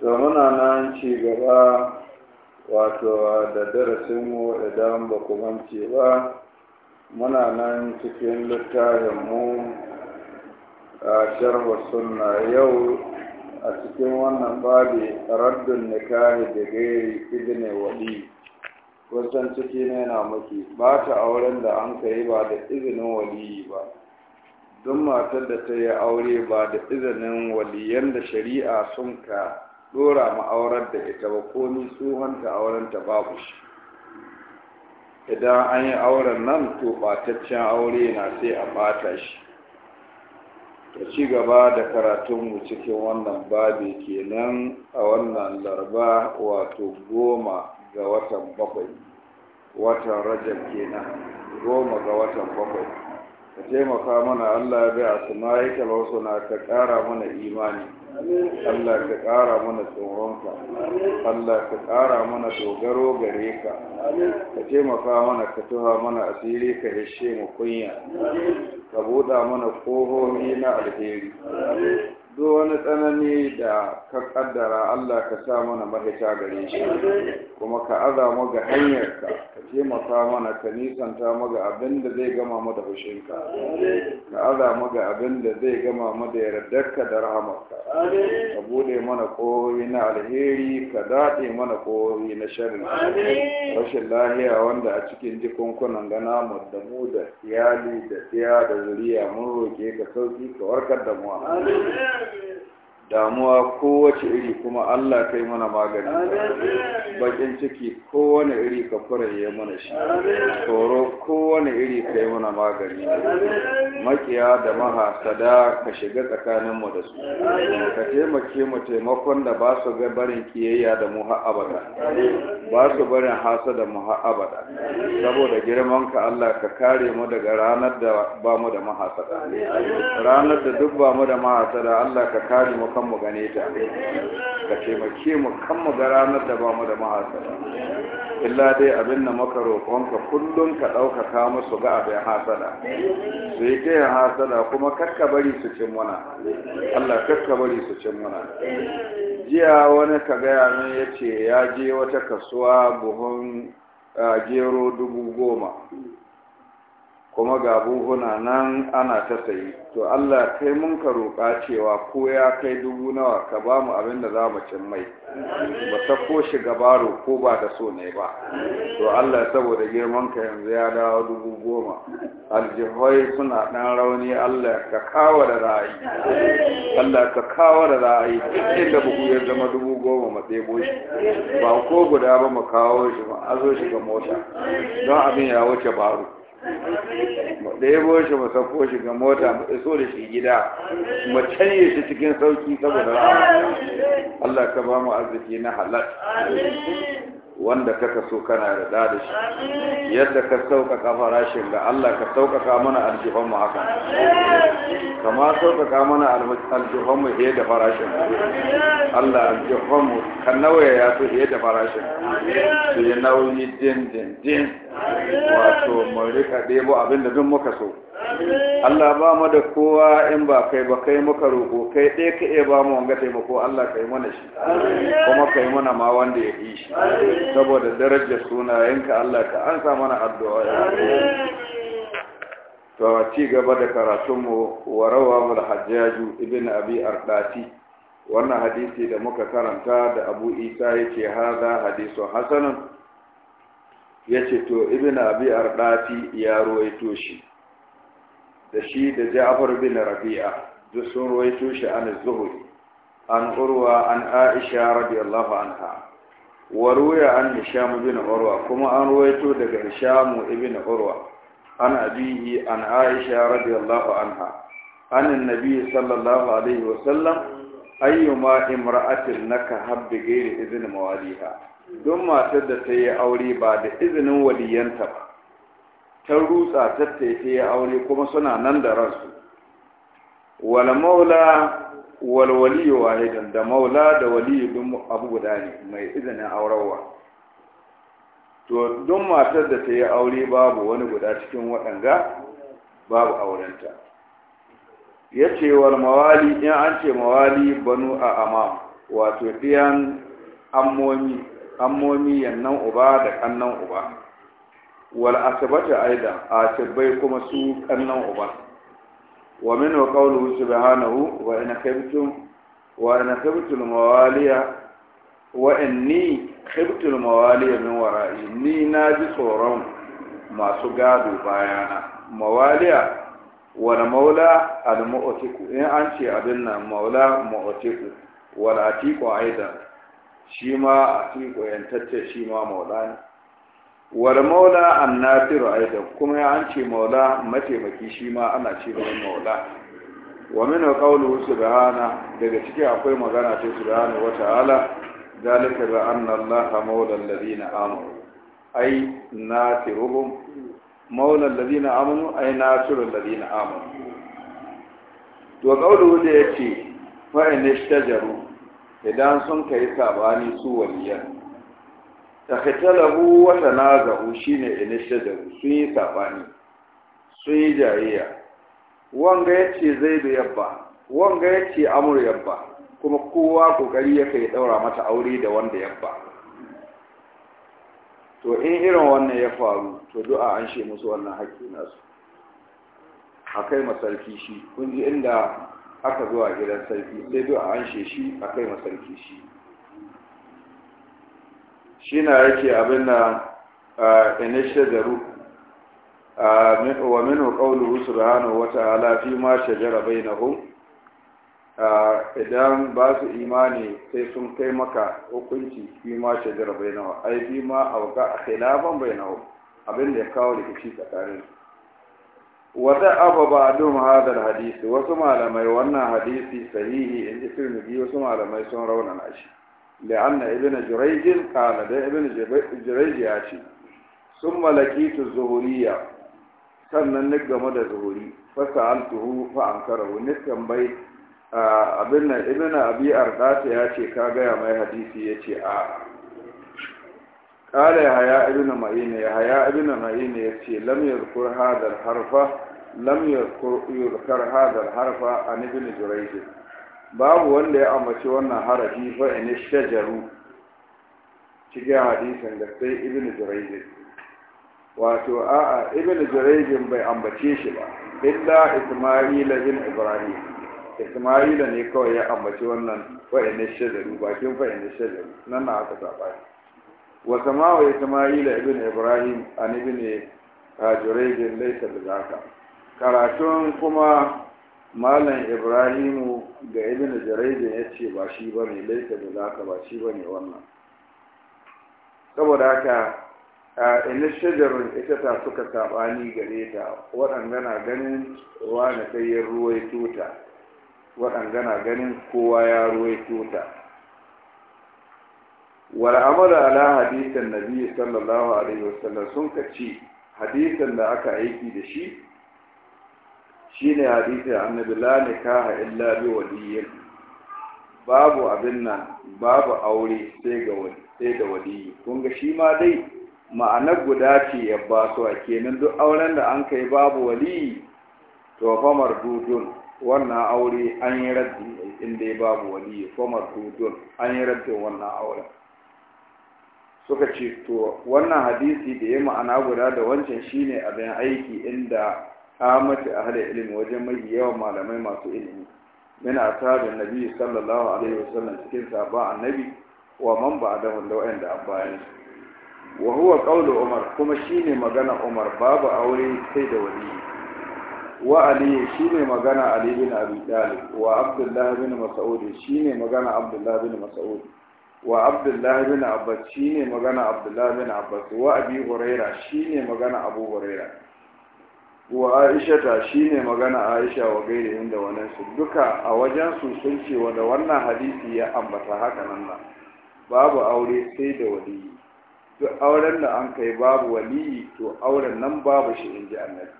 to muna nan ci gaba wato da darasinmu idan ba ku mance ba muna nan cikin littafinmu a sharhu sunna yau a cikin wannan babi raddun nikahi da gairi idne wali kusan ciki ne na muke ba ta auren da an kai ba da izinin waliyi ba duk matar da ta yi aure ba da izinin waliyan da shari'a sun ka dora ma'aurar da ita ba komi tsohonta aurenta babu shi idan an yi auren nan to bataccen aure na sai a bata shi ta ci gaba da karatunmu cikin wannan babi kenan a wannan larba wato goma ga watan bakwai watan rajab kenan goma ga watan bakwai ka taimaka mana Allah ya biya su ma'aika na ka ƙara mana imani Allah ka ƙara mana tsoronka Allah ka ƙara mana dogaro gare ka ka taimaka mana ka tuha mana asiri ka hishe mu kunya ka buɗa mana kohomi na alheri duk wani tsanani da ka kaddara Allah ka sa mana mahita gare shi kuma ka aza ga hanyar ka ka taimaka mana ka nisanta mu ga abin da zai gama mu da hushin ka aza mu ga abin da zai gama mu da ka da rahamar ka bude mana kohohi na alheri ka daɗe mana kohohi na sharri rashin lahiya wanda a cikin jikon-kunan gana mu da mu da iyali da tsiya da zuriya mun roƙe ka sauki ka warkar da mu is damuwa kowace iri kuma Allah kai mana magani bakin ciki kowane iri ka furaye mana shi tsoro kowane iri kai mana magani makiya da mahasada ka shiga tsakaninmu da su ka taimake mu taimakon da ba su ga barin kiyayya da mu abada ba su barin hasa da mu abada saboda girman ka Allah ka kare mu daga ranar da ba mu da mahasada ranar da duk ba mu da mahasada Allah ka kare mu kan ta ka taimake mu kan ga ranar da ba mu da mahasara illa dai abin da maka roƙonka kullum ka ɗaukaka musu ga abin hasada su yi ta hasada kuma kakka bari su cin muna Allah kakka bari su cin muna jiya wani ka gaya min ya ce ya je wata kasuwa buhun gero dubu goma kuma ga buhuna nan ana ta sayi to Allah kai mun ka roƙa cewa ko ya kai dubu nawa ka ba mu abin da za mu cin mai ba ta ko shiga baro ko ba da so ne ba to Allah saboda girman ka yanzu ya dawo dubu goma aljihoi suna ɗan rauni Allah ka kawo da ra'ayi Allah ka kawo da ra'ayi inda buhu ya zama dubu goma mu shi ba ko guda ba mu kawo shi ba azo shi ga mota don abin ya wuce baro mu ɗebo shi mu sauko shi ga mota mu iso da shi gida mu canye shi cikin sauki saboda Allah ka ba mu arziki na halal wanda kaka so kana da da shi yadda ka sauƙaƙa farashin ga Allah ka sauƙaƙa mana aljihon mu haka kama sauƙaƙa mana aljihon mu da farashin Allah aljihon mu kan nawaya ya so da farashin su yi nauyi din din din wato mu rika ɗebo abinda da duk muka so Allah ba mu da kowa in ba kai ba kai muka roƙo kai ɗaya ka iya ba mu wanga taimako Allah kai mana shi kuma kai mana ma wanda ya yi shi saboda darajar sunayenka Allah ka ansa mana addu'a ya to ci gaba da karatunmu wa rawahu al-hajjaju ibn abi arqati wannan hadisi da muka karanta da abu isa yace hada hadisu hasanun ya ce to ibn abi ardafi ya ruwaito shi da shi da ja'far bin rabi'a duk sun ruwaito shi an zuhuri an urwa an aisha radiyallahu anha wa ruwaya an hisham bin urwa kuma an ruwaito daga hisham ibn urwa an abihi an aisha radiyallahu anha an annabi sallallahu alaihi wa sallam ayyuma imra'atin naka habbi ghairi idhn mawaliha don matar da ta yi aure ba da izinin waliyanta ba ta rutsa ta ta yi aure kuma suna nan da ransu wal maula wal waliyu wahidan da maula da waliyu dun abu guda ne mai izinin aurarwa to don matar da ta yi aure babu wani guda cikin waɗanga babu aurenta ya ce wal mawali in an ce mawali banu a amma, wato ɗiyan ammomi Kammomi, yannan uba da kannan uba wal asibata aida tabbai kuma su kannan uba wa min wa qawlu subhanahu wa in khibtum wa in khibtul mawaliya wa inni khibtul mawaliya min wara'i ni na ji tsoron masu gado bayana mawaliya wal maula al mu'tiku in an ce abin nan maula mu'tiku wal atiku aidan shi ma a cikin yantacce shi ma maula ne war maula an aidan kuma ya an ce maula mataimaki shi ma ana ce mai maula wa min qawlu subhana daga ciki akwai magana ta subhana wa ta'ala zalika bi anna allaha maula alladhina amanu ay natiruhum maula alladhina amanu ay natiru alladhina amanu to qawlu da yace fa in istajaru idan sun kai sabani su waliyan takitalahu wa tanazahu shine inishadahu sun yi sabani sun yi jayayya wanga yace zaidu yabba wanga yace amur yabba kuma kowa kokari yake kai daura mata aure da wanda yabba to in irin wannan ya faru to du'a an she musu wannan hakki nasu akai masarki shi kun ji inda aka zuwa gidan sarki sai duk a anshe shi a kai masarki shi shi na yake abin na inishe da ru wa minu qawluhu subhanahu wa wata fi ma shajara hun idan ba su imani sai sun kai maka hukunci fi ma shajara bainahum ai fi ma auka na hun abin da ya kawo rikici tsakaninsu wata abu ba dum hadar hadisi wasu malamai wannan hadisi sahihi in ji tirmidhi wasu malamai sun raunana shi la'anna ibn jurayj qala da ibn jurayj ya ce sun malakitu zuhuriya sannan ni game da zuhuri fa tuhu fa ankarahu ni tambayi abin nan ibn abi ardata ya ce ka gaya mai hadisi ya ce a قال يا هيا ابن معين يا هيا ابن معين يتي لم يذكر هذا الحرف لم يذكر hadal harfa an ibn jurayj babu wanda ya ambaci wannan harafi fa in shajaru cikin hadisin da sai ibn jurayj wato a'a ibn jurayj bai ambace shi ba illa isma'ila bin ibrahim isma'ila ne kawai ya ambaci wannan fa in shajaru bakin fa in shajaru nan na aka saba wa wa isma'ila ibn ibrahim an ibn ah, jurayj laysa bizaka karatun kuma malam ibrahimu ga ibn jaridin ya ce ba shi ba ne laika da zaka ba shi ba ne wannan saboda haka a inishajarun ita ta suka saɓani gare ta waɗanda na ganin wa na kayyar ruwai tuta waɗanda na ganin kowa ya ruwai tuta wal'amala ala hadisan nabi sallallahu alaihi wasallam sun kaci hadisan da aka aiki da shi shine hadisi annabi la nikaha illa bi waliyyin babu abin nan babu aure sai ga sai da waliyi kun ga shi ma dai ma'anar guda ce ya ba su a kenan duk auren da an kai babu waliyi to fa mardudun wannan aure an yi raddi in dai babu waliyi fa mardudun an yi raddi wannan aure. suka ce to wannan hadisi da ya ma'ana guda da wancan shine abin aiki inda a ahli ilimi wajen mai yawan malamai masu ilimi min ashabin nabi sallallahu alaihi wasallam cikin sahaba annabi wa man ba'dahu da wa'anda abbayan wa huwa qawlu umar kuma shine magana umar babu aure sai da wali wa ali shine magana ali bin abi talib wa abdullah bin mas'ud shine magana abdullah bin mas'ud wa abdullah bin abbas shine magana abdullah bin abbas wa abi huraira shine magana abu huraira wa aishata shine magana aisha wa gairi inda su. duka a su sun ce wanda wannan hadisi ya ambata haka nan nan. babu aure sai da waliyi duk auren da an kai babu waliyi to auren nan babu shi in ji annabi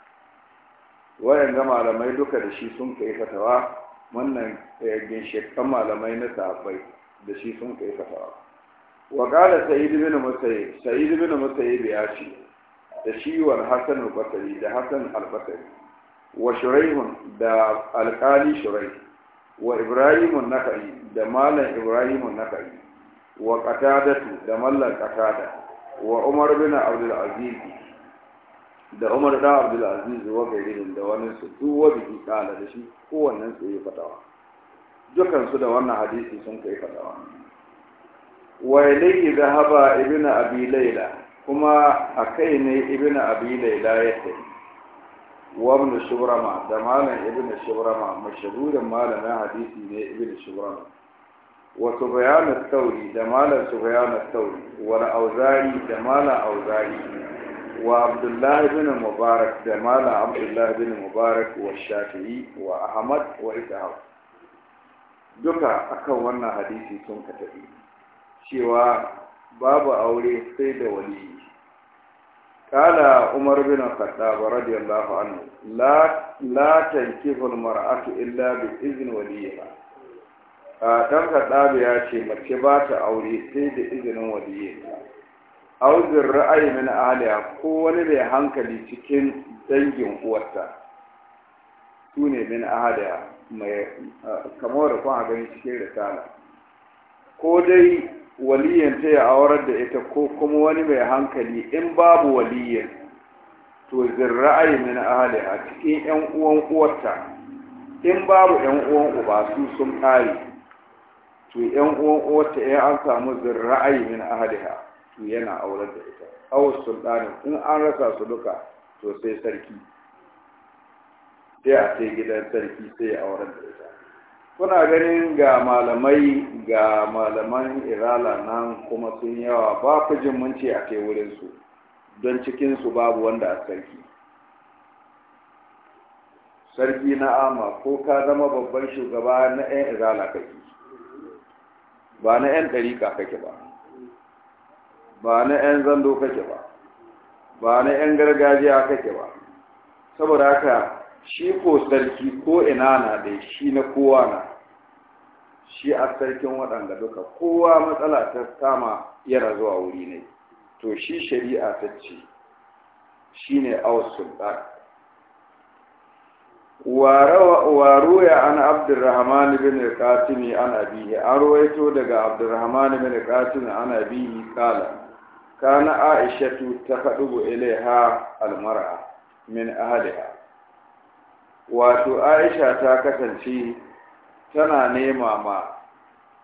wayan ga malamai duka da shi sun kai fatawa wannan eh, ginshikan malamai na sahabbai da shi sun kai fatawa wa qala sa'id ibn musayyib sa'id ibn musayyib ya ce da shiwar Hassan hasan al-basri da hasan al-basri wa shuraihun da alƙali shuraih wa ibrahimun naka'i da malam ibrahimun naka'i wa qatadatu da mallan qatada wa umar bin abdul aziz da umar da abdul aziz wa gairihin da wani su duk wani kala da shi kowannen su yi fatawa dukan su da wannan hadisi sun kai fatawa wa ilayhi dhahaba ibnu abi layla kuma a kai ne ibn abi laila ya tafi wa ibn shubrama da malam ibn shubrama mashhurin malamin hadisi ne ibn shubrama wa subyan al-thawri da malam subyan al-thawri wa al-awzari da malam awzari wa abdullah ibn mubarak da malam abdullah ibn mubarak wa shafi'i wa ahmad wa ishaq duka akan wannan hadisi sun ka tafi cewa babu aure sai da wani. kala umar bin khattab radiyallahu anhu la la tankihu almar'atu illa bi izni waliha a dan khattab ya ce mace ba ta aure sai da izinin waliyinta aw ra'ayi min ahliha ko wani mai hankali cikin dangin uwarta tune min ahliha mai kamar da kuma gani cikin risala ko dai waliyanta ya aurar da ita ko kuma wani mai hankali in babu waliyan to zirra'ayi min ahali a cikin yan uwan uwarta in babu yan uwan uba su sun kare to yan uwan uwarta ya an samu zirra'ayi min ha to yana aurar da ita awar sultanin in an rasa su duka to sai sarki sai a sai gidan sarki sai ya aurar da ita kuna ganin ga malamai ga malaman irala nan kuma sun yawa ba ku jin munci a kai wurinsu don cikinsu babu wanda a sarki sarki na ama ko ka zama babban shugaba na 'yan irala kake ba na 'yan ɗarika kake ba ba na 'yan zando kake ba ba na 'yan gargajiya kake ba saboda haka shi ko sarki ko ina na dai shi na kowa na shi a sarkin waɗanda duka kowa matsala ta kama yana zuwa wuri ne to shi shari'a ta ce shi ne sultan waruya an abdurrahman bin katini ana an an ruwaito daga abdurrahman bin katini ana an abihi kala kana aishatu ta bu ilaiha ha almara? min ahliha wato aisha ta kasance tana nema ma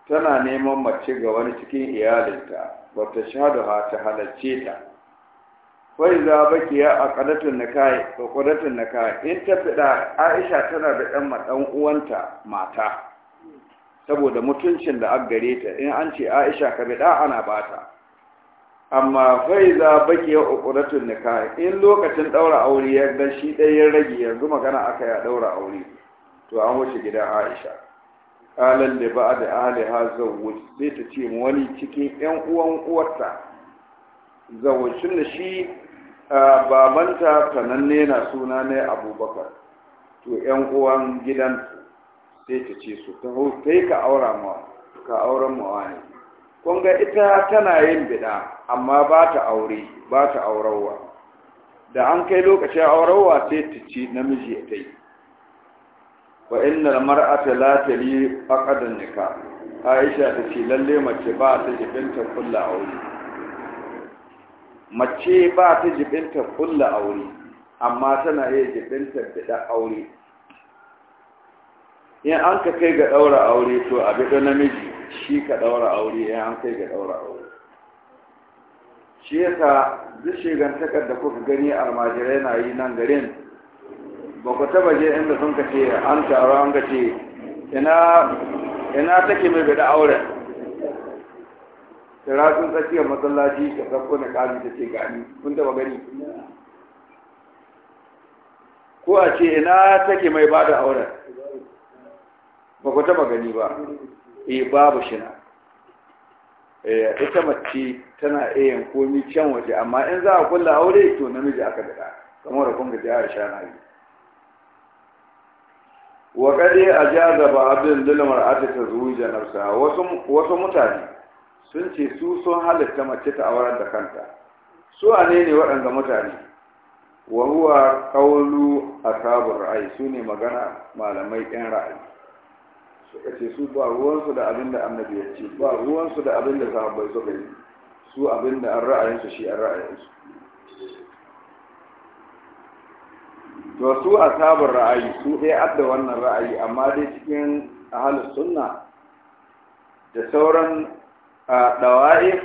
tana neman mace ga wani cikin iyalinta wata ha ta halarce ta wai za bakiya a ƙadatun na kai ƙadatun na in ta fida aisha tana da ɗan maɗan uwanta mata saboda mutuncin da aggare ta in an ce aisha ka biɗa ana bata amma fai za baki ya ukuratun nikah in lokacin daura aure ya ga shi dai ya rage yanzu magana aka ya daura aure to an wuce gida Aisha qalan da ahli ahliha zawwaj sai ta ce mu wani cikin yan uwan uwarta shi ne shi babanta tananne na suna ne Abubakar to yan uwan gidan sai ta ce su ta ka aura ma ka auren mu wani kun ga ita tana yin bida amma ba ta aure ba ta aurarwa da an kai lokacin aurarwa sai ta ci namiji ya ta yi wa inna mar'ata la tali aqadan nikah Aisha ta ce lalle mace ba ta jibinta kullu aure mace ba ta jibinta kullu aure amma tana iya jibinta bida aure in an ka kai ga daura aure to a bida namiji shi ka ɗaura aure ya eh, an kai ga ɗaura aure shi yasa duk shigantakar da kuka gani almajirai na yi nan garin ba ku taba je inda sun kace an taro an kace ina take mai bada auren tara sun tsakiyar masallaci ka sabko na kami ta ce gani kun taba gani ko a ce ina take mai bada auren ba ku taba gani ba eh babu shina eh ita mace tana iya komi can waje amma in za a kulla aure to namiji aka daga kamar kun ga jihar shanayi wa kade a jaza ba abin dulmar ata ta zuwi wasu mutane sun ce su sun halitta mace ta aurar da kanta su anene ne ne waɗanda mutane wa huwa kaulu ashabur ra'ayi su ne magana malamai ɗin ra'ayi suka ce su ba ruwansu da abin da annabi ya ce ba ruwansu da abin da sahabbai suka yi su abin da an ra'ayinsu shi an ra'ayinsu to su a sabon ra'ayi su ɗaya adda wannan ra'ayi amma dai cikin ahalus sunna da sauran ɗawa'i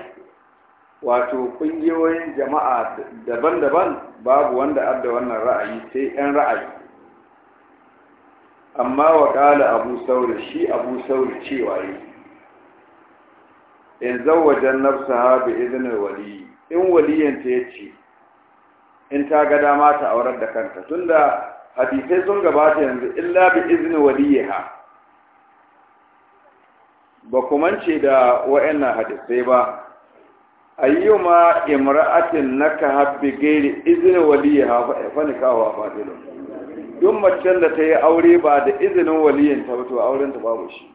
wato ƙungiyoyin jama'a daban-daban babu wanda adda wannan ra'ayi sai 'yan ra'ayi amma wa ƙala abu sauri shi abu sauri cewa yi in zawajen nafsa ha bi izinin wali in waliyanta ya ce in ta ga dama ta aurar da kanta tunda hadisai sun gabata yanzu illa bi izinin wali waliyaha ba kumance da wa'annan hadisai ba a ma imra'atin naka habbi gairi izinin wali ya ya waliyaha kawo a fatilun duk macen da ta yi aure ba da izinin waliyin ta to auren ta babu shi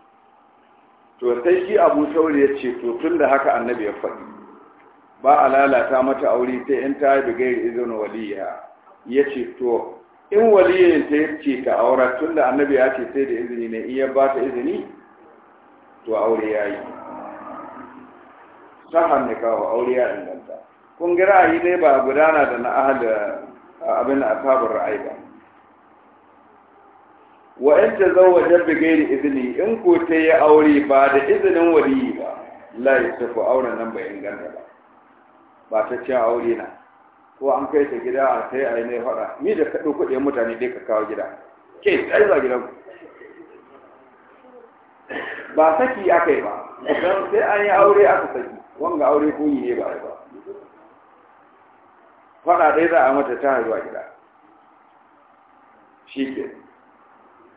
to sai shi abu sauri ya ce to tun da haka annabi ya faɗi ba a lalata mata aure sai in ta yi bigayar izinin waliya ya ce to in waliyin ta ya ce ta aura tun da annabi ya ce sai da izini ne in ya ba ta izini to aure ya yi sahan ne kawo aure ya inganta kun gira yi ne ba gudana da na ahal abin asabar ra'ayi ba wa in tazawwaja bi gairi izini in ko ta yi aure ba da izinin waliyi ba la yusufu auren nan bai inganta ba ba ta ce aure na ko an kai ta gida a sai a yi mai faɗa ni da ka kuɗin mutane dai ka kawo gida ke tsaye za gidan ba saki aka yi ba don sai an yi aure aka saki wanga aure yi ne ba ba faɗa ɗaya za a mata ta zuwa gida shi ke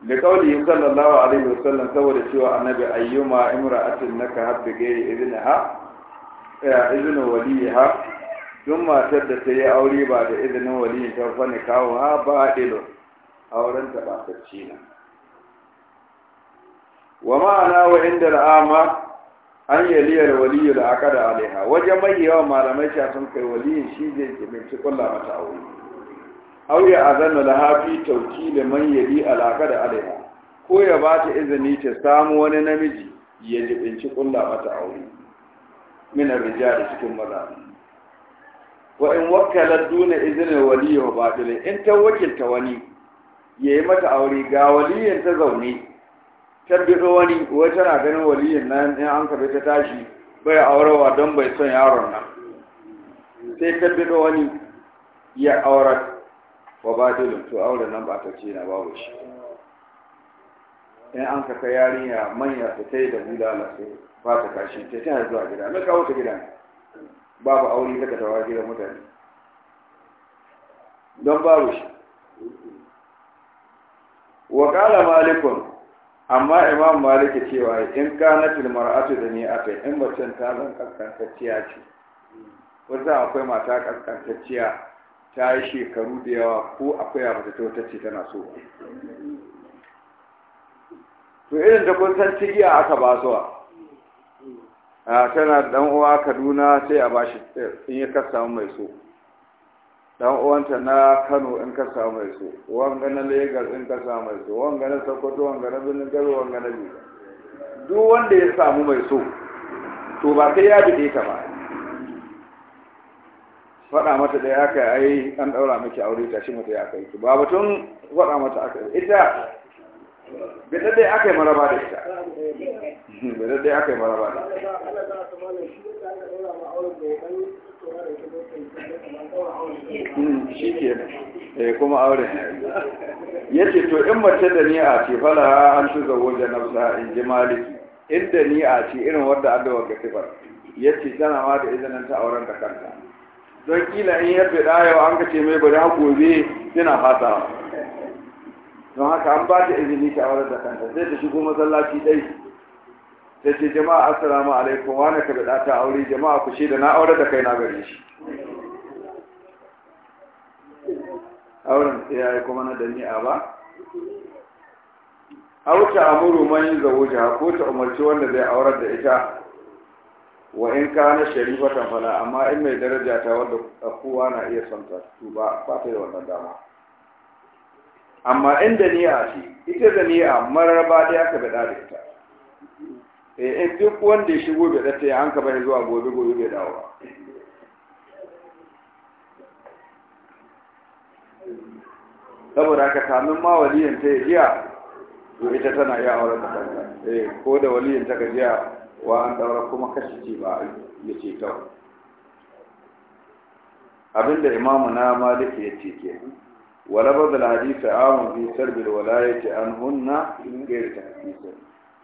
da kauli sallallahu alaihi wasallam saboda cewa annabi ayyuma imra'atin naka habbi gairi idnaha ya idnu ha, matar da ta yi aure ba da izinin waliyin ta fanni kawo ha ba ilo auren ta ba na wa ma'ana wa inda al'ama an yaliyar waliyu da aka da alaiha wajen mai yawan malamai sha sun kai waliyin shi zai cikin lamata a aure aw ya azana laha fi tawkil man yadi alaka da alaiha ko ya ba ta izini ta samu wani namiji ya jibinci kulla mata aure min ar-rijal cikin maza wa in wakkala duna izinin waliyi wa in ta wakilta wani yayi mata aure ga waliyin ta zaune tabbiro wani wai tana ganin waliyin nan in an karbi ta tashi bai aurewa don bai son yaron nan sai tabbiro wani ya aurar wa badilun to auren nan ba ta ce na babu shi in an kaka yarinya manya ta ta yi da bulala sai ba ta kashi ta ta zuwa gida na kawo ta gida? babu aure ta tawa gidan mutane don babu shi wa kala malikun amma imam malik cewa in kanatil mar'atu da ni ata in macen ta zan kaskantacciya ce wanda akwai mata kaskantacciya ta yi shekaru da yawa ko akwai abu da ta ce tana so to irin da kun san tigiya aka ba su a tana dan uwa kaduna sai a bashi in ya kasa mai so dan uwanta na kano in ka samu mai so wanga na lagos in ka samu mai so wanga na sokoto wanga na birnin garo wanga na biyu duk wanda ya samu mai so to ba sai ya bi ka ba faɗa mata da ya kai yi an ɗaura miki aure ta shi mata ya kai ki ba batun faɗa mata aka yi. ita bai da aka yi maraba da ita Bai da aka yi maraba da ita hmm, shi ke eh kuma auren ya ce to in mace da a ce fala an tuza wajen nafsa in ji maliki in da a ce irin wadda adawa ga sifar ya ce tana ma da izinin ta auren da kanta don kila in ya fi yau an kace mai bari har gobe yana fata don haka an ba ta izini ta aure da kanta sai ta shigo masallaci ɗai ta ce jama'a assalamu alaikum wani ka bada ta aure jama'a ku da na aure da kai na gare shi auren ya yi kuma na dami'a ba a wuce amuru man yi zawo ko ta umarci wanda zai aurar da ita wa in kana sharifatan fala amma in mai daraja ta wanda kowa na iya son ta to ba ba ta da wannan dama amma in da a ce ita da ni'a mararraba dai aka bada da ita eh in duk wanda ya shigo bai ta an ka bai zuwa gobe gobe bai dawo ba saboda ka kamin ma waliyin ta ya jiya to ita tana iya auren ta eh ko da waliyin ta ka jiya wa an daura kuma kashi ce ba ya ce ta abinda imamu na maliki ya ce ke wala da hadisi amun bi sarbil walayati an hunna in gairi hadisi.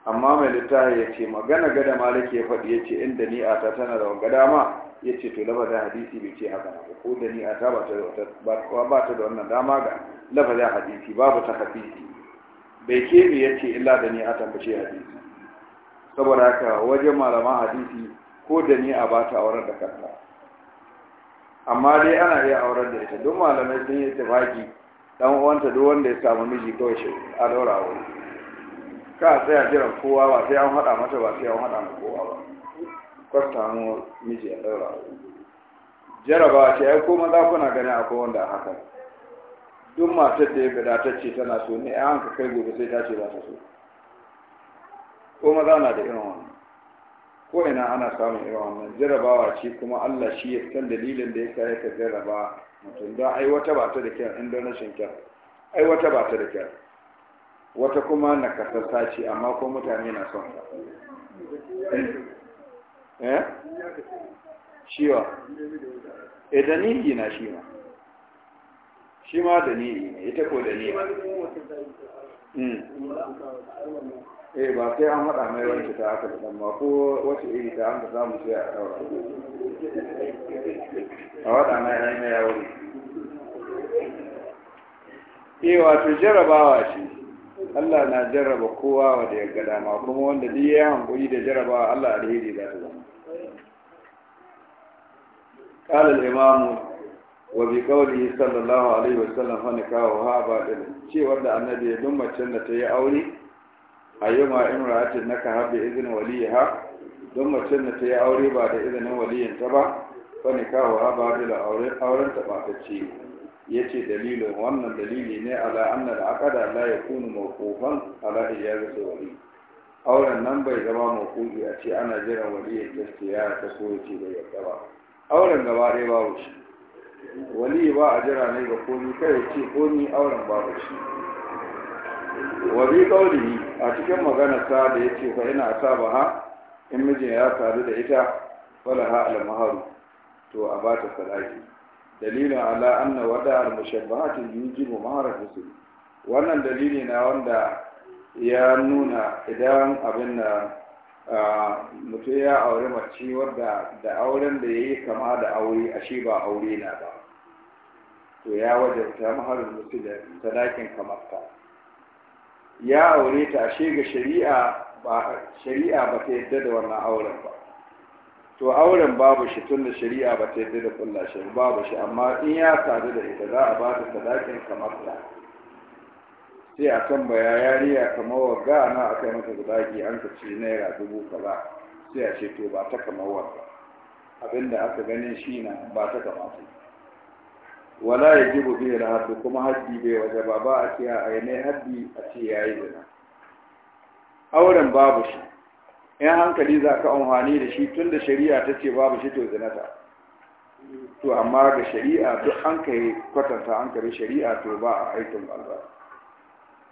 amma mai littafi ya ce magana gada maliki ya faɗi ya ce inda ta tana da wanga dama ya ce to da hadisi bai ce haka ba ko da ta ba ta da wannan dama ga da hadisi babu ta hadisi bai bi ya ce illa da ni ba ce hadisi saboda haka wajen malaman hadisi ko da ni a bata auren da kanta amma dai ana iya auren da ita don malamai sun yi tafaki dan uwanta duk wanda ya samu miji kawai shi a daura wuri ka sai a jiran kowa ba sai an haɗa mata ba sai an haɗa mata kowa ba kwasta mu miji a daura wuri jaraba ce ai ko maza kuna gani akwai wanda a haka duk matar da ya gada ta ce tana so ne an ka kai gobe sai ta ce ba ta so ko maza na da irin wannan ko ina ana samun irin wannan jarabawa ce kuma Allah shi ya san dalilin da ya sa jaraba mutum don ai wata ba ta da kyar in don rashin kyar ai wata ba ta da kyar wata kuma na kasassa ce amma ko mutane na son ta eh shiwa eh da nihi na shi ma shi ma da nihi ne ita ko da nihi hmm. eh ba sai an haɗa mai wanke ta aka da ma ko wace iri ta an da mu sai a ɗaura a waɗa mai rai na yawo eh wato jarabawa shi Allah na jarraba kowa wanda ya ga dama kuma wanda duk ya hankuri da jarabawa Allah alheri za ta zama قال الإمام وبقوله صلى الله عليه وسلم هنكاوها باطل شيء ورد النبي دم تشنة يا أولي a yi ma imratin na ka haɗe izinin waliya don mace da ta yi aure ba da izinin ta ba wani kawo ha ba da auren ta ba ta ce ya ce dalilin wannan dalili ne ala annar akada la ya kunu mawqufan ala ijazati wali auren nan bai zama mawqufi a ce ana jiran waliyin gaskiya ta so ya ce bai yadda ba auren gaba ɗaya babu shi wali ba a jira ne ga komi kai ce komi auren babu shi wa bi qawlihi a cikin maganarsa da ya ce fa ina ba ha in mijin ya sadu da ita wala falaha almaharu to a ba ta talaki. dalilin ala anna wada almushabbahatin yujibu maharar wannan dalili na wanda ya nuna idan abin da mutum ya aure mace wadda da auren da yayi kama da aure ashe ba aure na ba to ya wajabta maharar musul da talakin kamar ta ya aure ta ashe ga shari'a ba shari'a ba ta yadda da wannan auren ba to auren babu shi tun da shari'a ba ta yadda da kulla shi babu shi amma in ya sadu da ita za a ba ta sadakin kamar ta sai a baya yariya kamar wagga na a kai mata ki an ka ci naira dubu kaza sai a ce to ba ta kamar wagga abinda aka ganin shi na ba ta kamar kamata wala ya jibu biyu da haddu kuma haddi bai waje ba ba a ce a yanayi haddi a ce yi zina auren babu shi in hankali za ka amfani da shi tun da shari'a ta ce babu shi to zinata to amma ga shari'a duk an ka yi kwatanta an kare shari'a to ba a aikin banza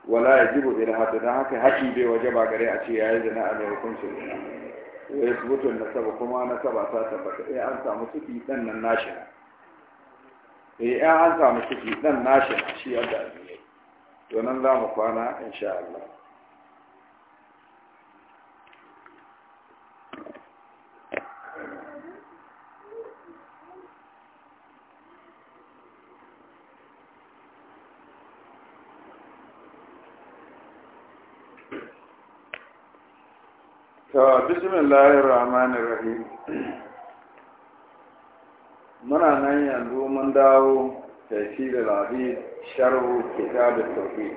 wala ya jibu da hadda don haka haƙi bai waje ba gare a ce yi zina a maimakon shi zina wa na nasaba kuma nasaba ta tabbata Ya eh, an samu ciki ɗan nan nashi eh in an samu ciki dan nashi shi yadda abinai to nan za mu kwana insha Allah to bismillahir rahmanir rahim muna nan yanzu mun dawo tafsirin hadis sharhu da tauhid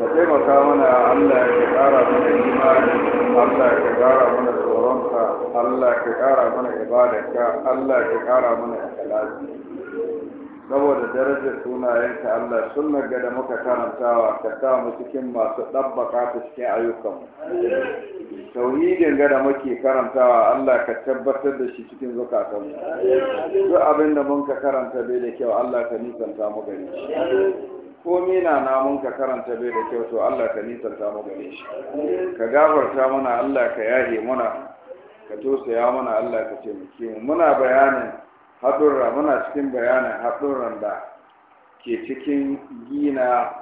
ka taimaka mana Allah ya kara mana imani Allah ya kara mana tsoronka Allah ya kara mana ibadarka Allah ya kara mana ikhlasi saboda darajar sunayenka Allah sunnar ga da muka karantawa ka sa mu cikin masu ɗabbaka ta cikin ayyukanmu tauhidin ga da muke karantawa Allah ka tabbatar da shi cikin zukatanmu duk abin da mun ka karanta bai da kyau Allah ka nisanta mu gare shi ko mina na mun ka karanta bai da kyau to Allah ka nisanta mu gare shi ka gafarta mana Allah ka yahe mana ka tosaya mana Allah ka taimake mu muna bayanin haɗurra muna cikin bayanin haɗurran da ke cikin gina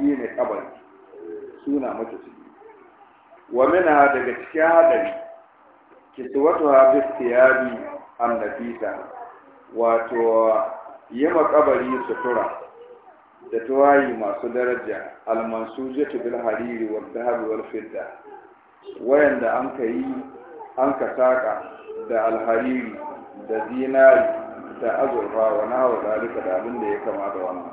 gina kabari suna su ciki wa mina daga cikin haɗari kiswatu ha bistiyabi annabita wato yi makabari sutura da tuwayi masu daraja almansujatu bil hariri wal dhahab wal fidda wayanda an ka yi an ka saka da alhariri da zinari da azurfa wa nawa zalika da abin da ya kama da wannan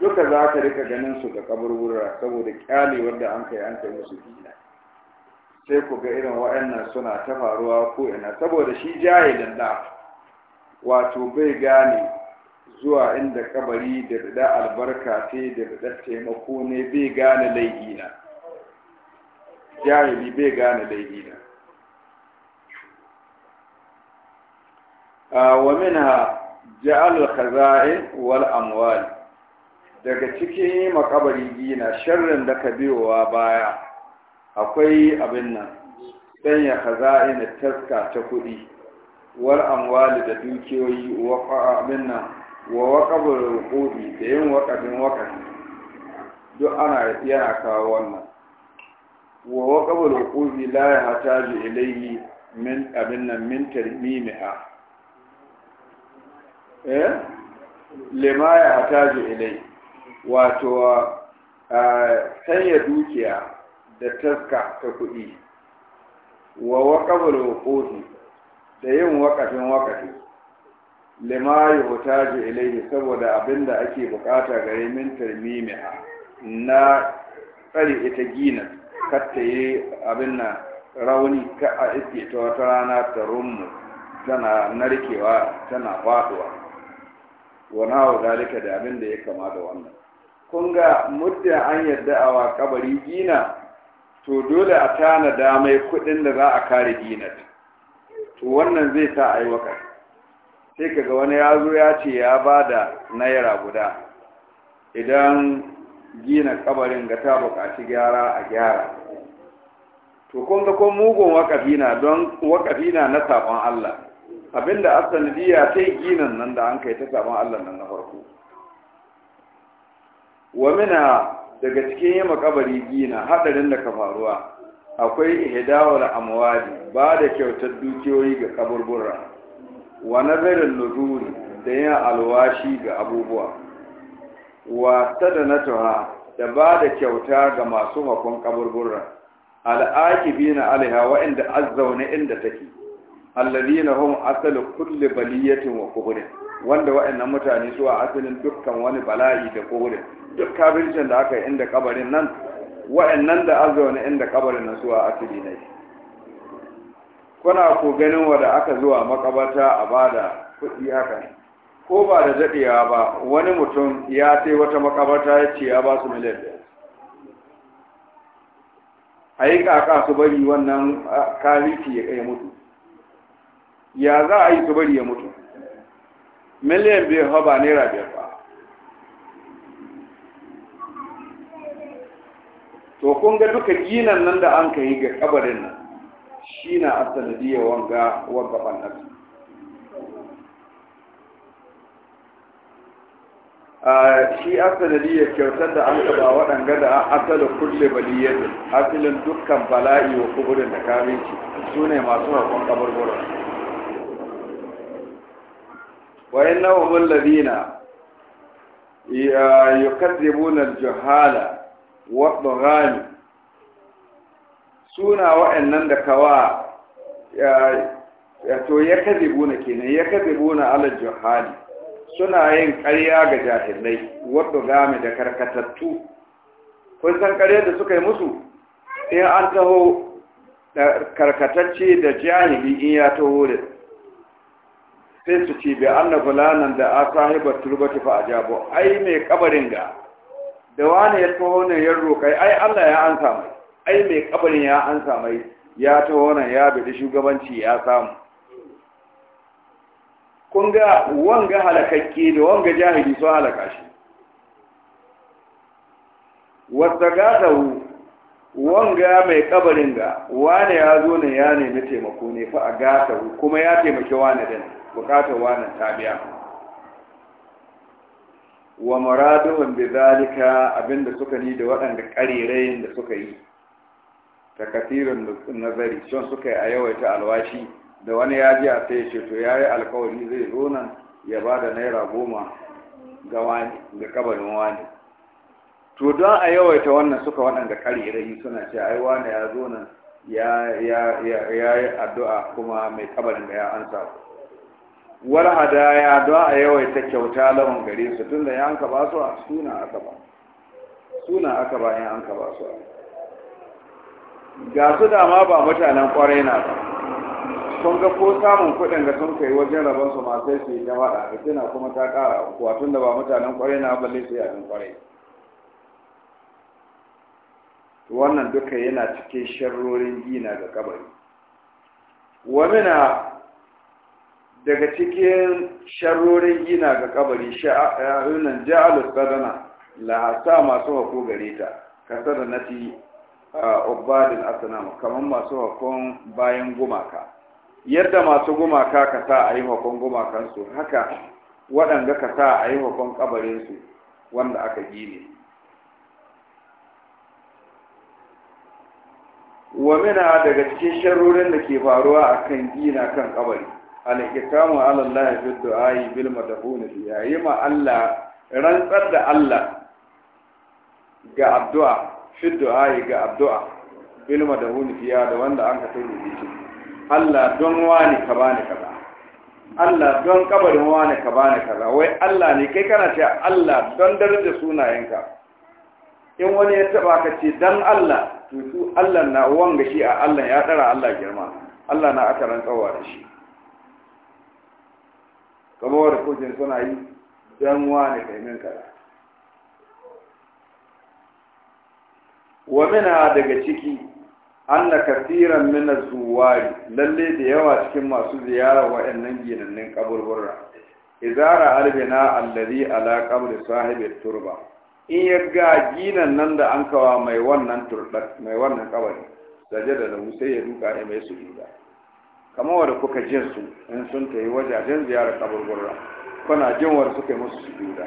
duka za ka rika ganin su ga kaburbura saboda kyalewar da an kai an kai musu dina sai ku ga irin wa'annan suna ta faruwa ko ina saboda shi jahilin da wato bai gane zuwa inda kabari da da albarka sai da da taimako ne bai gane laihina jahili bai gane laihina wa minha ja'alul khaza'in wal amwal daga cikin yi makabari gina sharrin da ka biyowa baya akwai abin nan sanya khaza'in taska ta kuɗi wal amwali da dukiyoyi wa abin nan wa waqabul ruqudi da yin waqabin waqafi duk ana yana kawo wannan wa waqabul ruqudi la yahtaju ilayhi min abin nan min tarmimiha eh lema ya hataju ilai wato sanya dukiya da taska ta kuɗi wa waƙabar waƙofi da yin waƙafin waƙafi lima ya taji ilai saboda abin da ake bukata ga min tarmimiha na tsari ita gina katta yi abin na rauni ka a iske ta wata rana ta rummu tana narkewa tana faɗuwa wani hawa dalika da abin da ya kama da wannan kun ga mudda an yarda a wa kabari gina to dole a da mai kuɗin da za a kare gina to wannan zai sa a yi sai kaga wani ya zo ya ce ya ba da naira guda idan gina kabarin ga ta buƙaci gyara a gyara to kun ga kun mugun wakafina don wakafina na sabon Allah abinda asanadiya ta yi ginan nan da an kai ta saman allah nan na farko wa mina daga cikin yi makabari gina hadarin da ka faruwa akwai hidawar amwadi ba da kyautar dukiyoyi ga kaburbura wa nazarin nuzuri da yin alwashi ga abubuwa wa sadanatuha da ba da kyauta ga masu hakon kaburbura al'akibi na alha wa'inda azzauna inda take alladina hum asalu kulli baliyatin wa kubrin wanda wa'annan mutane su a asalin dukkan wani bala'i da kufrin duk kafircin da aka yi inda kabarin nan wa'annan da azzauna inda kabarin nan su a asali ne kuna ko ganin wanda aka zuwa makabarta a bada kuɗi haka ko ba da daɗewa ba wani mutum ya sai wata makabarta ya ce ya ba su miliyan ɗaya a yi kaka su bari wannan karifi ya kai mutu ya za a yi kabari ya mutu miliyan biyar fa ba naira biyar ba to kun ga duka ginan nan da an ka yi ga kabarin nan shi na asanadiyar wanga wanga a shi asanadiyar kyautar da an ba waɗanga da asali kulle baliyyar asalin dukkan bala'i wa kuburin da kaminci su ne masu haƙon kabarbarar wa innahum alladhina yukadzibuna al-juhala suna wa'annan da kawa to kenan ya kadibuna ala juhali suna yin ƙarya ga jahilai wadda game da karkatattu kun san ƙarya da suka yi musu in an taho karkatacce da jahili in ya taho da sai su ce bai anna fulanan da a sahibar turbati fa ajabo ai mai kabarin ga da wani ya taho ne ya Rokai? ai Allah ya ansa mai ai mai kabarin ya ansa mai ya taho nan ya bidi shugabanci ya samu kun ga wanga halakakke da wanga jahili sun halaka shi wasta gatahu wanga mai kabarin ga wane ya zo ne ya nemi taimako ne fa a gatahu kuma ya taimaki wani da ne bukatar wannan tabiya wa muraduhum bi abinda suka ni da waɗanda ƙarerayin da suka yi ta kasirin nazari shan suka yi a yawaita alwashi da wani ya ji a sai ce to ya yi alkawari zai zo nan ya ba da naira goma ga wani ga kabarin wani to don a yawaita wannan suka waɗanda ƙarerayi suna ce ai wani ya zo nan ya yi addu'a kuma mai kabarin da ya ansa war hadaya don a yawaita kyauta lahun gare su tunda da yan ka ba su a suna aka ba suna aka ba yan an ka ba su ga su dama ba mutanen kwarai na ba sun ga ko samun kuɗin ga sun kai wajen rabon su ma sai su yi jama'a da suna kuma ta ƙara kuwa tunda ba mutanen kwarai na balle su yi abin kwarai wannan duka yana cikin sharrorin gina ga kabari wa mina daga cikin sharorin gina ga kabari sha'arunan eh, ja'alus sadana la sa masu hako gare ta kasar da nati ah, ubadin asanam kamar masu hakon bayan gumaka yadda masu gumaka ka sa a yi hakon gumakansu haka waɗanda ka sa a yi hakon kabarinsu wanda aka gine wamina daga cikin sharorin da ke faruwa akan gina kan kabari al-ihkamu ala Allah fi du'ai bil madhuni yayi ma Allah rantsar da Allah ga addu'a fi du'ai ga addu'a bil madhun fiya da wanda an ka tayi shi Allah don wani ka bani kaza Allah don kabarin wani ka bani kaza wai Allah ne kai kana cewa Allah don darajar sunayenka in wani ya taba ka ce dan Allah to su Allah na wanga shi a Allah ya dara Allah girma Allah na aka rantsawa da shi kamar da suna yi don wani kaimin kara wa daga ciki an na kafiran min zuwa zuwari lalle da yawa cikin masu ziyara wa'annan ginannin kaburburra izara albina allazi ala qabri sahibi turba in ya ga ginan nan da an kawa mai wannan turba mai wannan kabari sajada da sai ya duka ya mai sujuda kamar wadda kuka jin su in sun ta yi wajajen ziyarar kaburburra kuna jin wadda suka yi musu sujuda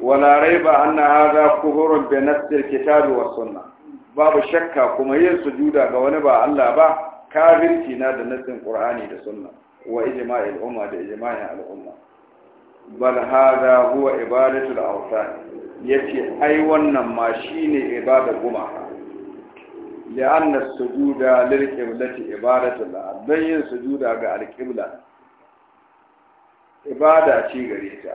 wala ba anna hadha horon bi nassil kitabi wa sunnah babu shakka kuma yin sujuda ga wani ba Allah ba kafirci na da nassin qur'ani da sunna wa ijma'il umma da ijma'in al'umma bal hadha huwa ibadatul awthan yace ai wannan ma shine ibada gumaka لأن السجود للقبلة عبادة الله بين سجود على القبلة عبادة شيء غريبة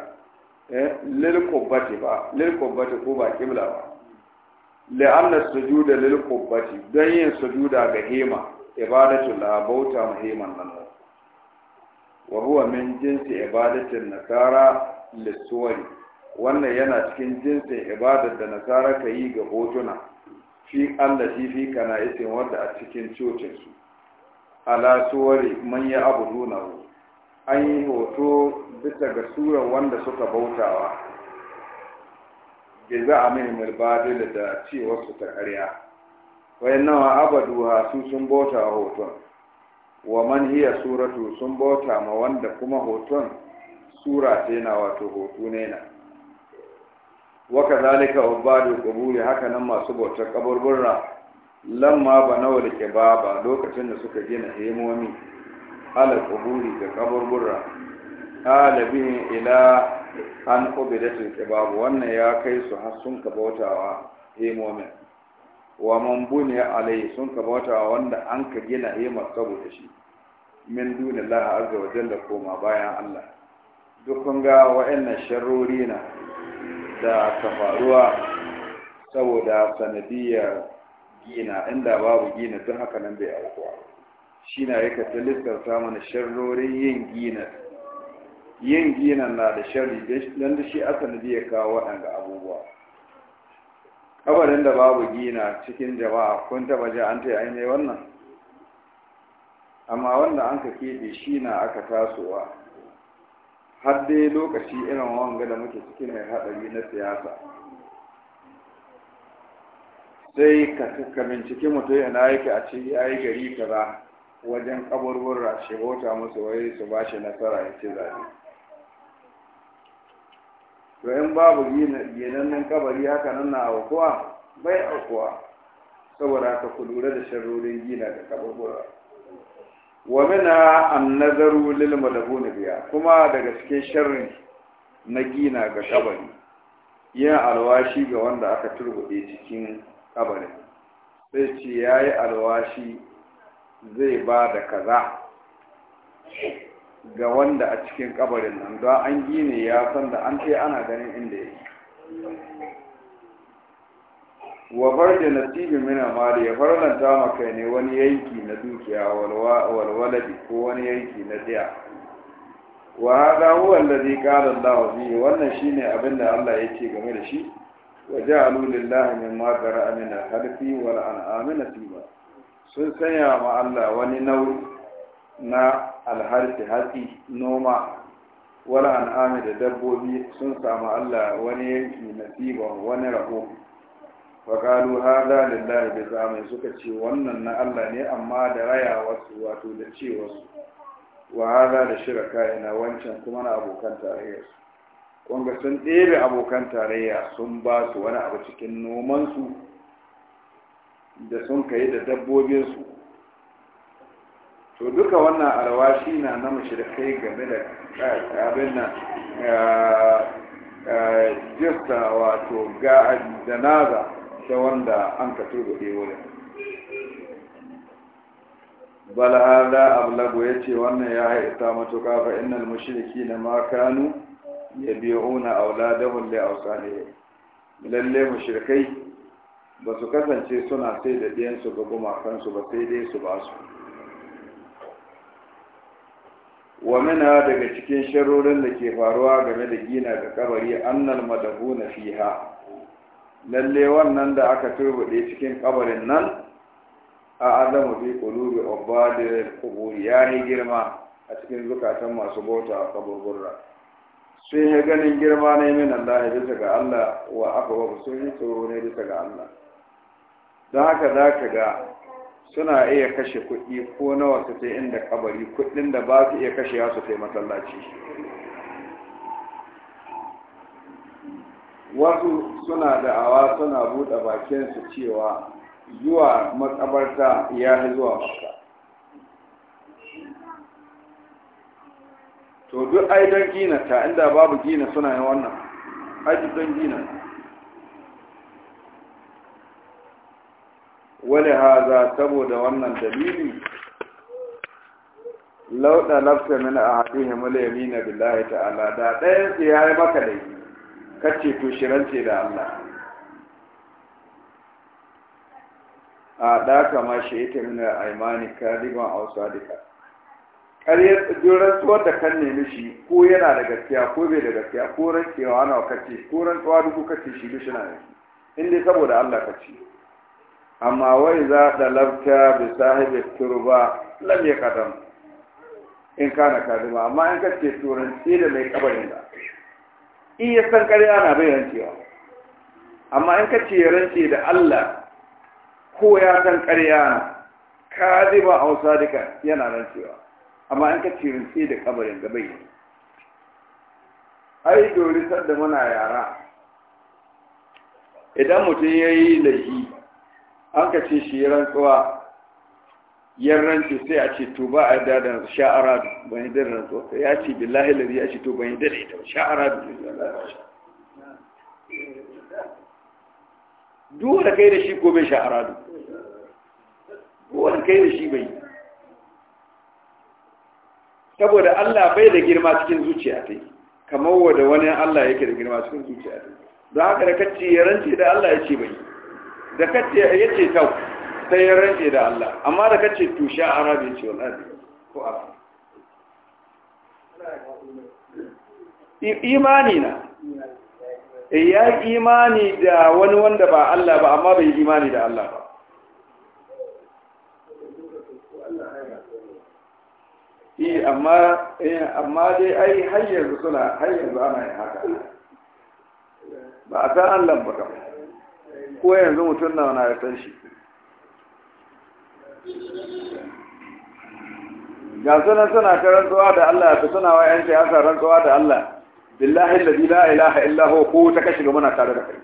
للقبة با للقبة كوبا قبلة با لأن السجود للقبة بين سجود على هيما عبادة الله بوتا هيما الله وهو من جنس عبادة النصارى للسوري wannan yana cikin jinsin ibadar da nasara ka yi ga hotuna fi allati fi kana'itin wanda a cikin cocin su ala suwari man ya abuduna an yi hoto bisa ga sura wanda suka bautawa za a mahimmin badil da cewar su ta ƙarya wayan nawa abaduha su sun bauta a hoton wa man hiya suratu sun bauta ma wanda kuma hoton sura ce na wato hoto ne na Waka zalika ubadu quburi haka nan masu bautar kaburburra lamma banaw al-kibaba lokacin da suka gina hemomi ala quburi da kaburburra ala bihi ila an ubidatul kibabu wannan ya kai su har sun ka hemomi wa man buni alai sun ka wanda an ka gina hemar saboda shi min dunillahi azza wa jalla koma bayan Allah duk kun ga wa'annan sharrori na da ka faruwa saboda sanadiyar gina inda babu gina tun haka nan bai aukuwa shi na yi ta samun sharrorin yin gina yin gina na da sharri don da shi a ya kawo waɗanda abubuwa kabarin da babu gina cikin jama'a kun taba ji an ta yi wannan amma wanda an ka keɓe shi na aka tasowa har dai lokaci irin wanga da muke ciki mai haɗari na siyasa sai ka binciki mutum na yake a ciki ya yi gari kaza wajen kaburburra rashe bauta musu wai su ba shi nasara ya ce zaɓe to in babu yanannen kabari haka nan na aukuwa bai aukuwa saboda ka ku lura da sharrorin gina da kaburburra wa mina an nazaru lil malabun biya kuma da gaske sharri na gina ga kabari yin alwashi ga wanda aka turbude cikin kabarin sai ce yayi alwashi zai ba da kaza ga wanda a cikin kabarin nan don an gine ya san da an ce ana ganin inda yake wa farda nasibin min amali ya farlanta maka ne wani yanki na dukiya walwaladi ko wani yanki na tsaya wa hada huwa alladhi qala Allah bi wannan shine abin da Allah yake game da shi wa ja'alu lillahi mimma qara'a min al-harfi wal an'ami nasiba sun sanya ma Allah wani nau' na alharfi hati noma wal an'ami da dabbobi sun samu Allah wani yanki nasiba wani rabo faƙalu hada lillahi da zamani suka ce wannan na Allah ne amma da raya wasu wato da ce wasu wa hada da shirka ina wancan kuma na abokan tarayya su kunga sun ɗebe abokan tarayya sun ba su wani abu cikin nomansu da sun kai da dabbobinsu to duka wannan alwashi na na mashirkai game da eh, abin nan eh, eh, jista wato ga da naza ta wanda an ka turbuɗe wurin bal hada ya ce wannan ya haita matuƙa fa innal mushrikina ma kanu yabi'una da li awsanihim lalle mushrikai ba su kasance suna sai da su ga gumakansu ba sai dai su ba su wamina daga cikin sharorin da ke faruwa game da gina ga kabari annal na fiha lalle wannan da aka turbuɗe cikin kabarin nan a adamu fi kulubi ubadil qubur ya yi girma a cikin zukatan masu bauta kaburburra sun yi ganin girma ne min Allah bisa ga Allah wa aka wa sun yi tsoro ne bisa ga Allah don haka za ka ga suna iya kashe kuɗi ko nawa su inda kabari kuɗin da ba su iya kashe su taimakon masallaci wasu suna da da'awa suna buɗe bakinsu cewa zuwa makabarta ya fi zuwa maka to duk ai don gina ta inda babu gina suna yin wannan aji don gina wani haza saboda wannan dalili lauɗa lafsa mana a haɗe himar billahi ta'ala da ɗayan su ya yi maka laifi kace to shirance da Allah a da kama shi ita min al-aymani a wasu adika ƙaryar tsohon da kan nemi shi ko yana da gaskiya ko bai da gaskiya ko rantsewa ana kace ko rantsuwa duk kace shi duk na yake in dai saboda Allah kace amma wai za da labta bi sahibi turba lam yakadam in kana kadima amma in kace turanci da mai kabarin ba. iya san ƙarya na bai rancewa amma in ka ce ya rance da Allah ko ya san ƙarya na ba a sadika yana rancewa amma in ka ce rance da kabarin da bai. ai dori da muna yara idan mutum ya yi laifi an ka ce shi rantsuwa yan rance sai a ce to ba a da da sha'ara ban yi da rantsuwa ya ce billahi lari ya ce to ban yi da ita sha'ara da duk da kai da shi ko bai sha'ara da duk kai da shi bai saboda Allah bai da girma cikin zuciya ta kamar wanda wani Allah yake da girma cikin zuciya ta don haka da kacce ya rance da Allah ya ce bai da kacce ya ce tau sai ya rantse da Allah amma da kace tushe a arabi ce wannan ko a imani na eh, ya imani da wani wanda ba Allah ba amma bai imani da Allah ba yi amma eh, amma dai ai har yanzu suna har yanzu ana yin haka ba a san Allah ba ko yanzu mutum na wani ya san shi ga nan suna ta rantsuwa da Allah su suna wa yan siyasa rantsuwa da Allah billahi alladhi la ilaha illa huwa ko ta kashi ga muna tare da kai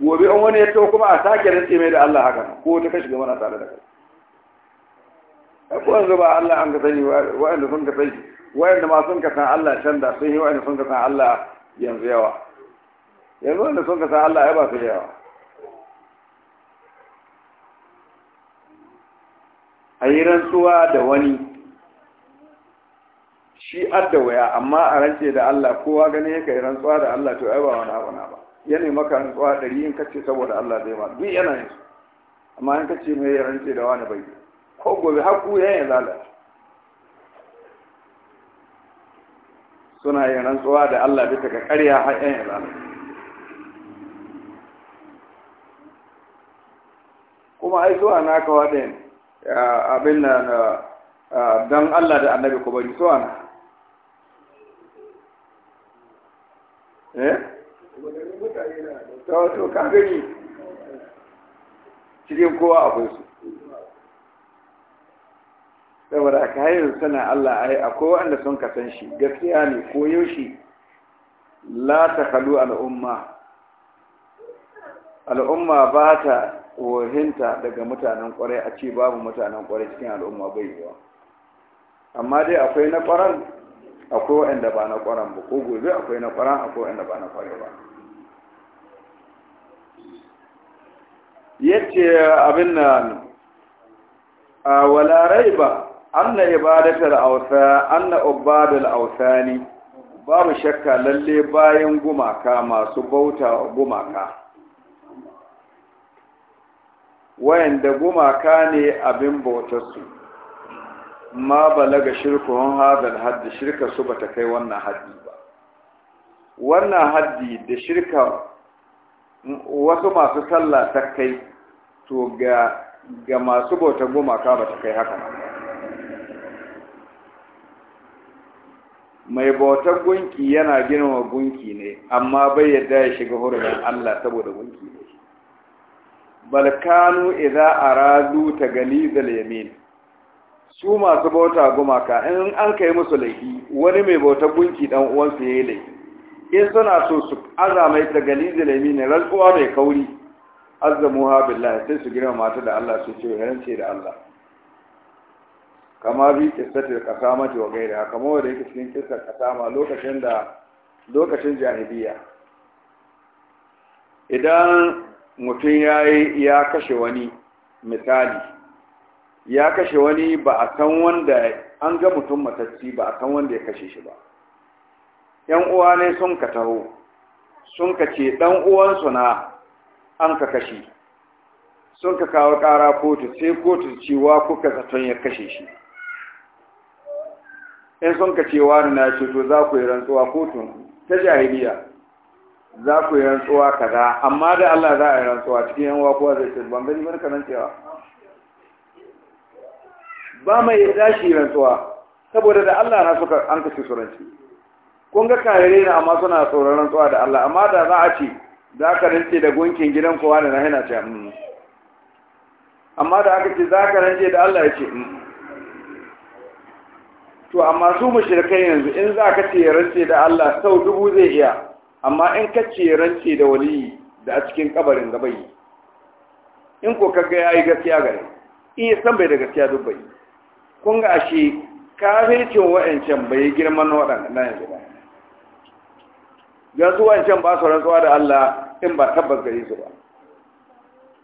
gobe an wani ya kuma a sake rantsi mai da Allah haka ko ta kashi ga muna tare da kai ko yanzu ba Allah an ka sani wa'anda sun ka sani wa'anda ma sun ka san Allah can da sun yi wa'anda sun ka san Allah yanzu yawa yanzu wanda sun ka san Allah ya ba su yawa a yi rantsuwa da wani shi adda waya amma a rance da Allah kowa gane yake rantsuwa da Allah to ai ba wani abu na ba yana maka rantsuwa ɗari in kace saboda Allah zai ma duk yana yin amma in kace mai rance da wani bai ko gobe haku ya yi lalata suna yin rantsuwa da Allah bisa ga ƙarya har yan lalata kuma ai zuwa na kawa Ah, abin na, ah, don Allah da annabi ku bari so ana eh to to ka gani cikin kowa akwai su saboda ka hayar sana Allah ai akwai wanda sun kasan shi gaskiya ne ko yaushe la ta umma al'umma al'umma ba ta wahinta daga mutanen kwarai a ce babu mutanen kwarai cikin al'umma bai yiwa amma dai akwai na kwaran akwai wa'anda ba na kwaran ba ko gobe akwai na kwaran akwai wa'anda ba na kwarai ba yace abin nan a wala raiba anna ibadatul awsa anna ubadul awsani babu shakka lalle bayan gumaka masu bauta gumaka wayanda gumaka ne abin bautarsu ma balaga shirkuhun hadal haddi shirka su ba ta kai wannan haddi ba wannan haddi da shirka wasu masu sallah ta kai to ga ga masu bautar gumaka ta kai haka mai bautar gunki yana wa gunki ne amma bai yadda ya shiga hurumin Allah saboda gunki ne bal kanu idza aradu tagaliz yamin su masu bauta gumaka in an kai musu laifi wani mai bauta gunki dan ya yayi laifi in suna so su azamai tagaliz yamin rantsuwa mai kauri ha billahi sai su girma mata da Allah su ce rance da Allah kama bi kisatul kasama wa gaira kama wanda yake cikin kisar kasama lokacin da lokacin jahiliya idan mutum ya kashe wani misali ya kashe wani ba a san wanda an ga mutum matacci ba a san wanda ya kashe shi ba yan uwa ne sun ka taho sun ka ce dan uwansu na an ka kashe sun ka kawo ƙara kotu sai kotu cewa kuka zaton ya kashe shi in sun ka cewa na ce to za ku yi rantsuwa kotun ta jahiliya za ku yi rantsuwa kaza amma da Allah za a yi rantsuwa cikin yan wakuwa zai ce ban gani barka nan cewa ba mai yadda shi rantsuwa saboda da Allah na suka an kashe su ranci kun ga kayare na amma suna tsoron rantsuwa da Allah amma da za a ce za ka rance da gunkin gidan kowa da na hina ce hmm. amma da aka ce za ka rance da Allah ya ce hmm. to amma su mushrikai yanzu in za ka ce rance da Allah sau dubu zai iya amma in ka ce rance da wani da a cikin kabarin da bai in ko kaga yi gaskiya gare in ya san bai da gaskiya duk bai kun ga ashe kafircin wa'ancan bai girman waɗannan yanzu ba yanzu wa'ancan ba su rantsuwa da Allah in ba tabbas gare su ba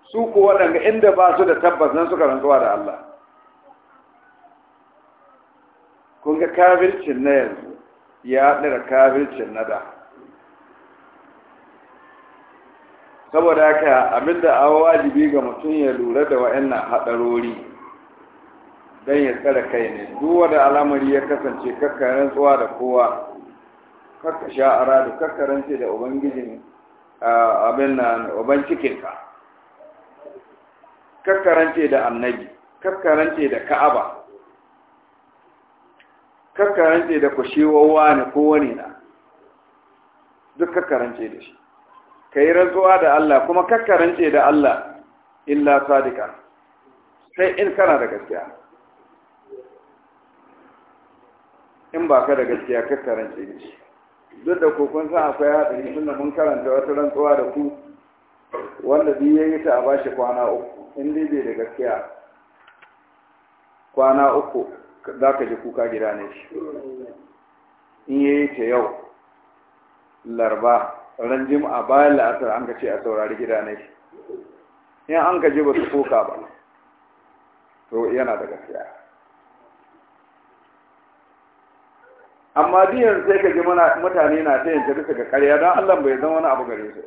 su ko waɗanda inda ba su da tabbas nan suka rantsuwa da Allah kun ga kafircin na yanzu ya haɗu da kafircin na da saboda haka abinda an wajibi ga mutum ya lura da wa'annan haɗarori don ya tsara kai ne duk wanda al'amari ya kasance kakkarin tsuwa da kowa kakka sha'ara da kakkarin ce da ubangijin abin nan uban cikinka kakkarin ce da annabi kakkarin ce da ka'aba kakkarin ce da kushewowa ne ko wani na duk kakkarin ce da shi ka yi rantsuwa da Allah kuma kakkarance da Allah illa sadika sai in kana da gaskiya in ba ka da gaskiya kakkarance ne duk da kun sa akwai haɗari tunda mun karanta wata rantsuwa da ku wanda biyu ya yi ta a bashi kwana uku in dai bai da gaskiya kwana uku za ka ji kuka gida ne shi in ya yi ta yau larba ran jima'a bayan la'asar an ka ce a saurari gidanai in an ka ji ba su koka ba to yana da gaskiya amma biyan sai ka ji mutane na ta yanta duka ga karya don allah bai zama wani abu gare su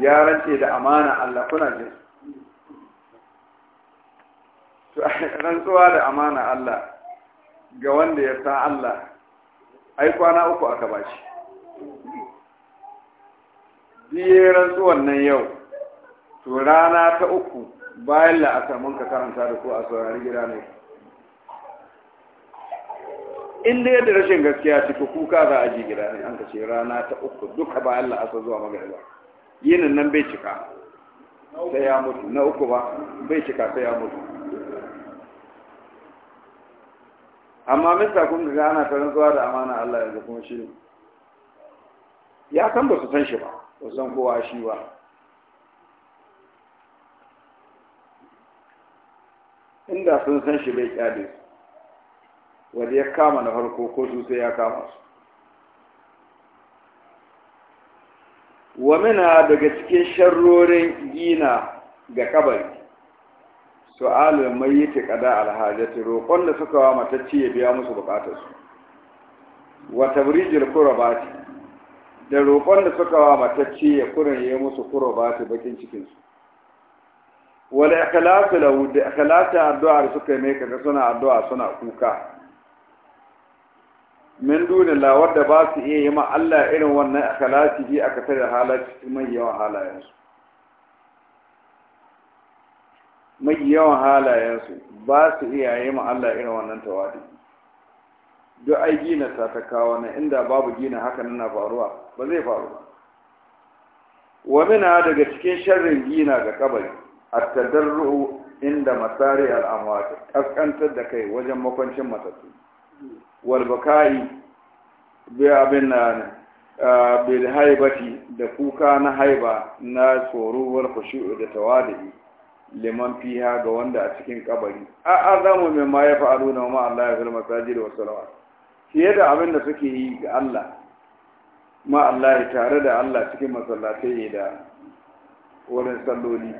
ya rance da amana allah kuna jin rantsuwa da amana allah ga wanda ya sa allah ai kwana uku aka bashi shi ya rantsuwan nan yau to rana ta uku bayan la'asar mun ka karanta da ku a saurari gida ne Inda yadda rashin gaskiya shi ku kuka za a ji gida ne an ka ce rana ta uku duka bayan la'asar zuwa magariba yinin nan bai cika sai ya mutu na uku ba bai cika sai ya mutu amma mista kun ga ana ta rantsuwa da amana Allah yanzu kuma shi ya san ba su san shi ba ba san kowa shi ba inda sun san shi bai kyale su ya kama na farko ko su sai ya kama su wamina daga cikin sharrorin gina ga kabari su'alul mayyit qada alhajati roƙon da suka wa matacce ya biya musu bukatarsu kura ba ce. da roƙon da suka wa matacce ya kurin ya musu kuro ba su bakin cikinsu wani akalata lahu da akalasu addu'a da suka yi mai kaga suna addu'a suna kuka min dunin lawar da ba su iya yi ma Allah irin wannan a bi aka tare halaci mai yawan halayensu mai yawan halayensu ba su iya yi ma Allah irin wannan tawadi duk ai gina ta ta kawo inda babu gina haka nan na faruwa ba zai faru ba wa mina daga cikin sharrin gina ga kabari at-tadarru inda masari al-amwat kaskantar da kai wajen makwancin matattu wal bukai bi abin nan haibati da kuka na haiba na tsoro wal khushu'u da tawadi liman fiha ga wanda a cikin kabari a azamu ma yafa'aluna ma Allah ya fil masajid wa salawat fiye da abin da suke yi ga Allah ma Allah tare da Allah cikin masallatai da wurin salloli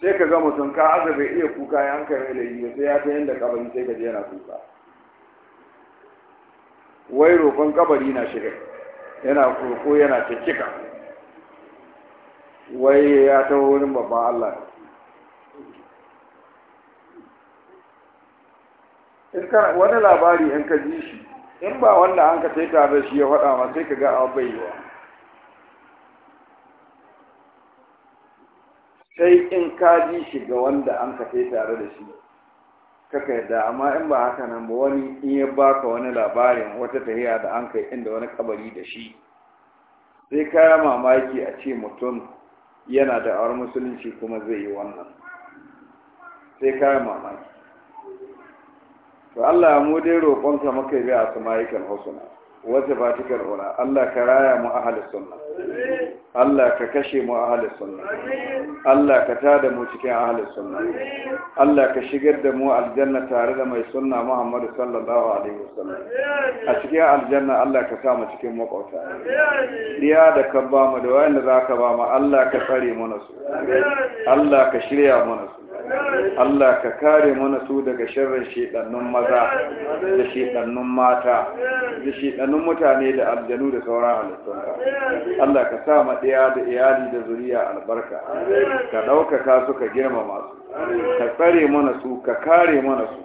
sai ka ga mutum ka aza bai iya kuka ya hankali da yi sai ya ta yanda kabari sai ka je yana kuka wai roƙon kabari na shiga yana kurko yana cikika wai ya ta wurin babban Allah wani labari in ka ji shi in ba wanda an ka taita da shi ya faɗa ma sai ka ga abu bai sai in ka ji shi ga wanda an ka taita da shi kaka yadda amma in ba haka nan ba wani in ya baka wani labarin wata tahiya da an kai inda wani kabari da shi sai kaya mamaki a ce mutum yana da awar musulunci kuma zai yi wannan sai kaya mamaki to Allah mu dai roƙonka maka bi a samayikan husna wata fatikar ula Allah ka raya mu ahli sunna Allah ka kashe mu ahli sunna Allah ka tada mu cikin ahli sunna Allah ka shigar da mu aljanna tare da mai sunna Muhammad sallallahu alaihi wasallam a cikin aljanna Allah ka sa mu cikin makwabta diya da ka ba mu da wayanda zaka ba mu Allah ka tsare mu nasu Allah ka shirya mu nasu Allah ka kare mana su daga sharrin shiɗannun maza da shiɗannun mata da shiɗannun mutane da aljanu da sauran halittunka Allah ka sa maɗaya da iyali da zuriya albarka ka ɗaukaka su ka girmama su ka tsare mana su ka kare mana su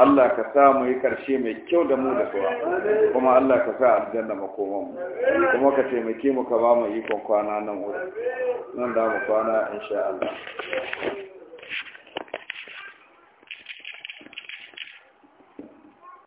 Allah ka sa mu yi karshe mai kyau da mu da suwa kuma Allah ka sa aljanna makoman mu kuma ka taimake mu ka ba mu ikon kwana nan wuri nan da mu kwana insha Allah